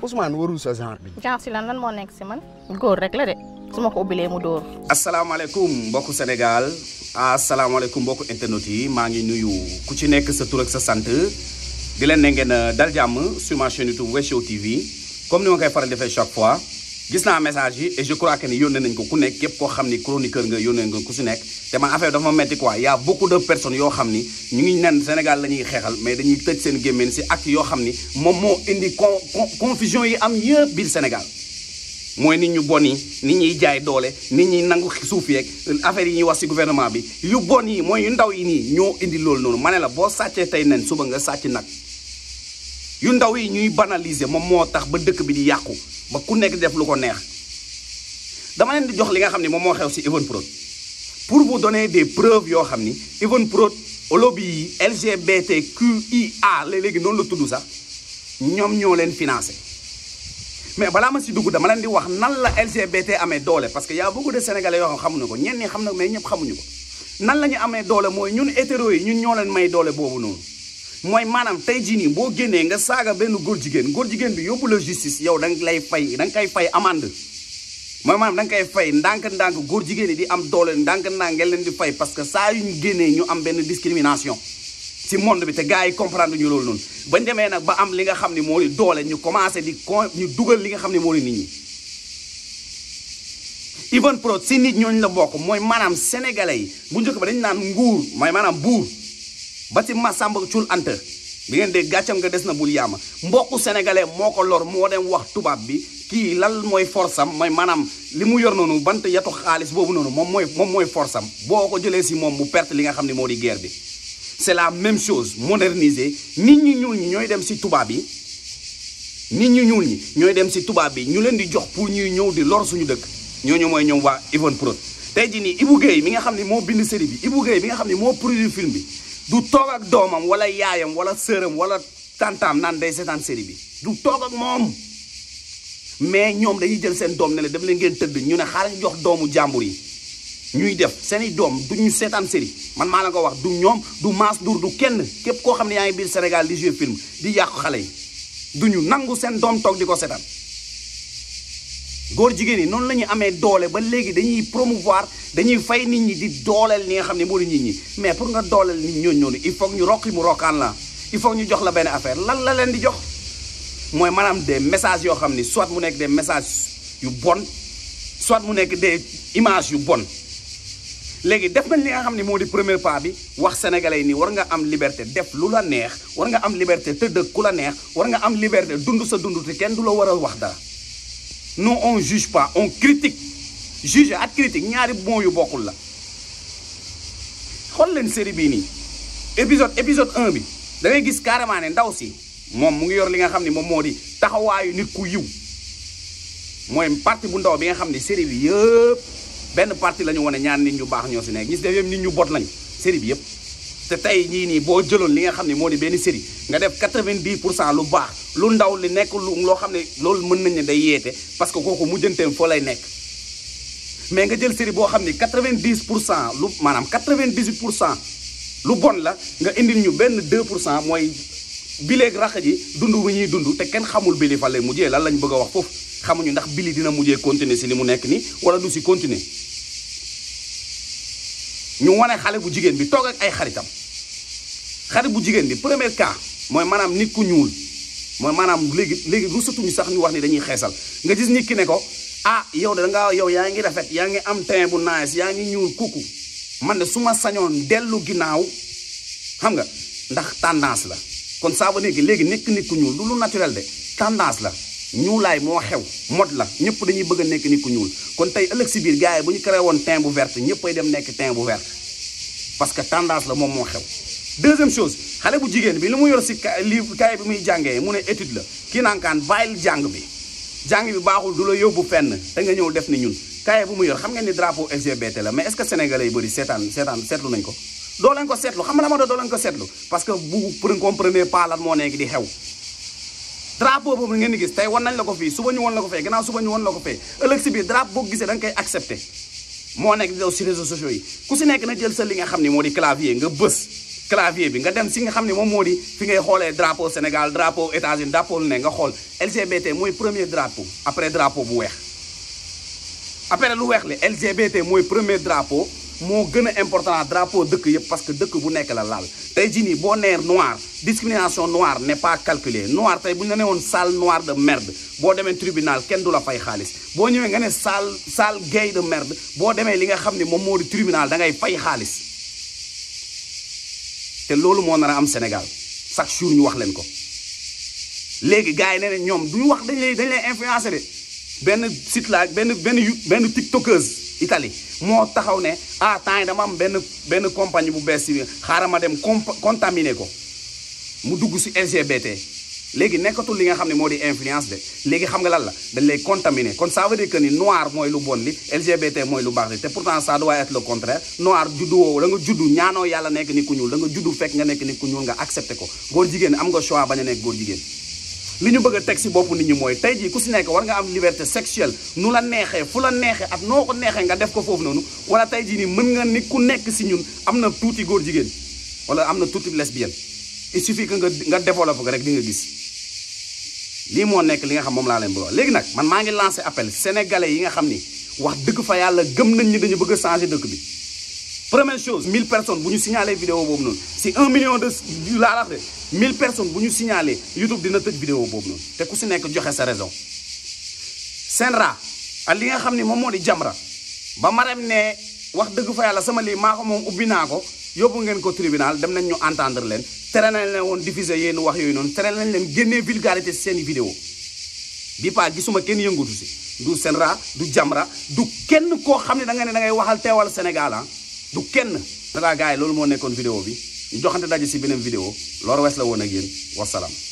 Ousmane warul sa genre bi. genre si lan lan moo nekk si man. góor rek la de su ma ko ubbilee mu dóor. asalaamaaleykum mbokku Sénégal asalaamaaleykum mbokku internet yi maa ngi nuyu ku ci nekk sa tur ak sa sant di leen ne ngeen dal jàmm sur ma chaîne YouTube Wes Show TV comme ni ma koy faral defee chaque fois. gis naa message yi et je crois que ni yónnee nañ ko ku nekk képp koo xam ni chroniqueur nga yónnee nga ku si nekk te man affaire dafa metti quoi y' a beaucoup de yoo xam ni ñu ngi nen Sénégal la ñuy xeexal mais dañuy tëj seen gémmiñ si acte yoo xam ni moom moo indi con confusion yi am yëpp biir Sénégal mooy ni ñu bon yi ni ñuy jaay doole nit ñuy nangu suuf yeeg affaire yi ñuy wax si gouvernement bi yu bon yi mooy yu ndaw yi nii ñoo indi loolu noonu ma ne la boo sàccee tey nen suba nga sàcc nag yu ndaw yi ñuy banaliser moom moo tax ba dëkk bi di yàqu ba ku nekk def lu ko neex dama leen di jox li nga xam ne moom moo xew si Evenprod pour vous donner des preuves yoo xam ni Evenprod lobby yi LGBTQIA léegi noonu la tudd sax ñoom ñoo leen financé mais balaa ma si dugg dama leen di wax nan la LGBT amee doole parce que y a beaucoup de sénégalais yoo xam xamuñu ko ñenn ñi xam na mais ñëpp xamuñu ko nan la ñu amee doole mooy ñun hétéro yi ñun ñoo leen may doole boobu noonu. mooy maanaam tey jii nii boo génnee nga saaga benn góor jigéen góor jigéen bi yóbbu la justice yow da nga lay fay da nga koy fay amande mooy maanaam da nga koy fay ndànk-ndànk góor jigéen yi di am doole ndànk-ndànk ngeen leen di fay parce que saa yu ñu génnee ñu am benn discrimination ci monde bi te gars yi comprendre ñu loolu noonu bañ demee nag ba am li nga xam ne moo di doole ñu commencé di con ñu dugal li nga xam ne moo di nit ñi even pro si nit ñooñu la bokk mooy maanaam sénégalais yi bu njëkk ba dañu naan nguur mooy maanaam buur ba ci Massamba Cuun Anta bi ngeen dégg gàccam nga des na bul yaama mbokku sénégalais moo ko lor moo dem wax tubaab bi kii lan mooy forsam mooy maanaam li mu yor noonu bant yatu xaalis boobu noonu moom mooy moom mooy forsam boo ko jëlee si moom mu perte li nga xam ne moo di guerre bi c'est la même chose moderniser nit ñi ñuul ñi ñooy dem si tubaab yi nit ñi ñuul ñi ñooy dem si tubaab bi ñu leen di jox pour ñuy ñëw di lor suñu dëkk ñooñu mooy ñoom waa Ivan Prod tey jii nii Ibou Guèye mi nga xam ne moo bind série bi Ibou Guèye mi nga xam ne moo produit film bi du toog ak doomam wala yaayam wala sëram wala tantaam naan day seetaan série bi du toog ak moom mais ñoom dañuy jël seen doom ne la dem leen ngeen tëdd ñu ne xaaral ñu jox doomu jàmbur yi ñuy def seeni doom du ñu seetaan série man maa la ko wax du ñoom du maas dur du kenn képp koo xam ne yaa ngi biir Sénégal di jouer film di yàqu xale yi du ñu nangu seen doom toog di ko seetaan góor jigéen yi noonu la ñu amee doole ba léegi dañuy promouvoir dañuy fay nit ñi di dooleel ni nga xam ne moo di nit ñi mais pour nga dooleel nit ñooñu noonu il faut que ñu rokki mu rokkaan la il faut ñu jox la benn affaire lan la leen di jox mooy maanaam de messages yoo xam ni soit mu nekk des messages yu bon soit mu nekk des images yu bon léegi def nañ li nga xam ne moo di premier pas bi wax sénégalais yi nii war nga am liberté def lu la neex war nga am liberté tëdd ku la neex war nga am liberté dund sa dund kenn du la war a wax dara non on juge pas on critique juge ak critique ñaari bon yu bokkul la xool leen série bii nii épisode épisode 1 bi da ngay gis carrément ne ndaw si moom mu ngi yor li nga xam ni moom moo di taxawaayu nit ku yiw mooy parti bu ndaw bi nga xam ni série bi yëpp benn parti la ñu wane ñaan nit ñu baax ñoo si nekk gis def yëpp nit ñu bot lañ série bi yëpp te tey ñii nii boo jëloon li nga xam ne moo di benn série nga def 90 pour cent lu baax lu ndaw li nekk lu loo xam ne loolu mën nañ ne day yeete parce que kooku mujjanteem foo lay nekk mais nga jël série boo xam ne 90 pour cent lu maanaam 98 pour cent lu bon la nga indil ñu benn deux pour cent mooy bileeg rax ji dund wi ñuy dund te kenn xamul bili fan lay mujjee lan lañ bëgg a wax foofu xamuñu ndax bili dina mujjee continuer si mu nekk nii wala du si continuer ñu wane xale bu jigéen bi toog ak ay xaritam. xale bu jigéen bi premier cas mooy maanaam nit ku ñuul mooy maanaam léegi léegi rusatuñu sax ni wax ni dañuy xeesal nga gis nit ki ne ko ah yow da ngaa yow yaa ngi rafet yaa ngi am teint bu nice yaa ngi ñuul kuku man ne suma sañoon dellu ginnaaw xam nga ndax tendance la kon ça veut léegi nekk nit ku ñuul lu lu naturel de tendance la ñuulaay moo xew mode la ñëpp dañuy bëgg a nekk nit ku ñuul kon tey ëllëg si biir gars yi bu ñu créé woon teint bu vert ñëppay dem nekk teint bu vert parce que tendance la moom moo xew deuxième chose xale bu jigéen bi li mu yor si livre kaye bi muy jàngee mu ne étude la kii naankaan bàyyil jàng bi jàng bi baaxul du la bu fenn da nga ñëw def ni ñun kaye bu mu yor xam ngeen ni drapeau LGBT la mais est-ce que sénégalais yi bëri seetaan seetaan seetlu nañ ko doo leen ko seetlu xam nga dama doo leen ko seetlu parce que bu comprenez pas lan moo nekk di xew drapeau boobu ngeen di gis tey wan nañ la ko fii suba ñu won la ko fee gannaaw suba ñu won la ko fee ku si nekk na jël sa li nga xam ni moo di nga bës clavier bi nga dem si nga xam ne moom moo di fi ngay xoolee drapeau Sénégal drapeau États-Unis drapeau lu ne nga xool LGBT mooy premier drapeau après drapeau bu weex après lu weex li LGBT mooy premier drapeau moo gën a important drapo dëkk yëpp parce que dëkk bu nekk la laal tey ji nii boo nee noir discrimination noire n'est pas calculée noir tey bu ñu la nee woon sale noir de merde boo demee tribunal kenn du la fay xaalis boo ñëwee nga ne sale sale gay de merde boo demee li nga xam ne moom moo di tribunal da xaalis te loolu moo nar am Sénégal chaque jour ñu wax leen ko léegi gars yi ne ne ñoom duñu wax dañ lay dañ influencé de benn site la benn benn benn tiktokeuse Italie moo taxaw ne ah temps yi dama am benn benn compagnie bu bees si xaaral ma dem contaminé ko mu dugg si LGBT léegi nekkatul li nga xam ne moo di influence de léegi xam nga lan la dañ lay contaminer kon ça veut dire que ni noir mooy lu bon li LGBT mooy lu baax li te pourtant ça doit être le contraire noir juddu woowu da juddu ñaanoo yàlla nekk ni ku ñuul da nga juddu fekk nga nekk ni ku ñuul nga accepté ko góor jigéen am nga choix bañ a nekk góor jigéen li ñu bëgg teg si bopp nit ñi mooy tey jii ku si nekk war nga am liberté sexuelle nu la neexee fu la neexee ak noo neexee nga def ko foofu noonu wala tey jii mën nga ni ku nekk si ñun am na tuuti góor wala am na tuuti lesbienne il suffit que nga nga développé ko rek di nga gis lii moo nekk li nga xam moom laa leen bëgg léegi nag man maa ngi lancé appel sénégalais yi nga xam ni wax dëgg fa yàlla gëm nañ ni dañu bëgg a changer dëkk bi. première chose mille personnes bu ñu signalé vidéo boobu noonu si 1 million de laa wax de 1000 personnes bu ñu signalé YouTube dina tëj vidéo boobu noonu te ku si nekk joxe sa raison. Senra ak li nga xam ni moom moo di Jamra ba Marème ne wax dëgg fa yàlla sama lii maa ko moom ubbi naa ko. yóbbu ngeen ko tribunal dem nañ ñu entendre leen tere nañ leen woon diffuser yenn wax yooyu noonu tere nañ leen génnee vulgarité si seeni vidéo bi pas gisuma kenn yëngatu si du Senra du Jamra du kenn koo xam ne da nga ne da ngay waxal teewal Sénégal ah. du kenn dagaa gars yi loolu moo nekkoon vidéo bi ñu joxante daje si beneen vidéo Loor Wes la woon a yéen wasalaam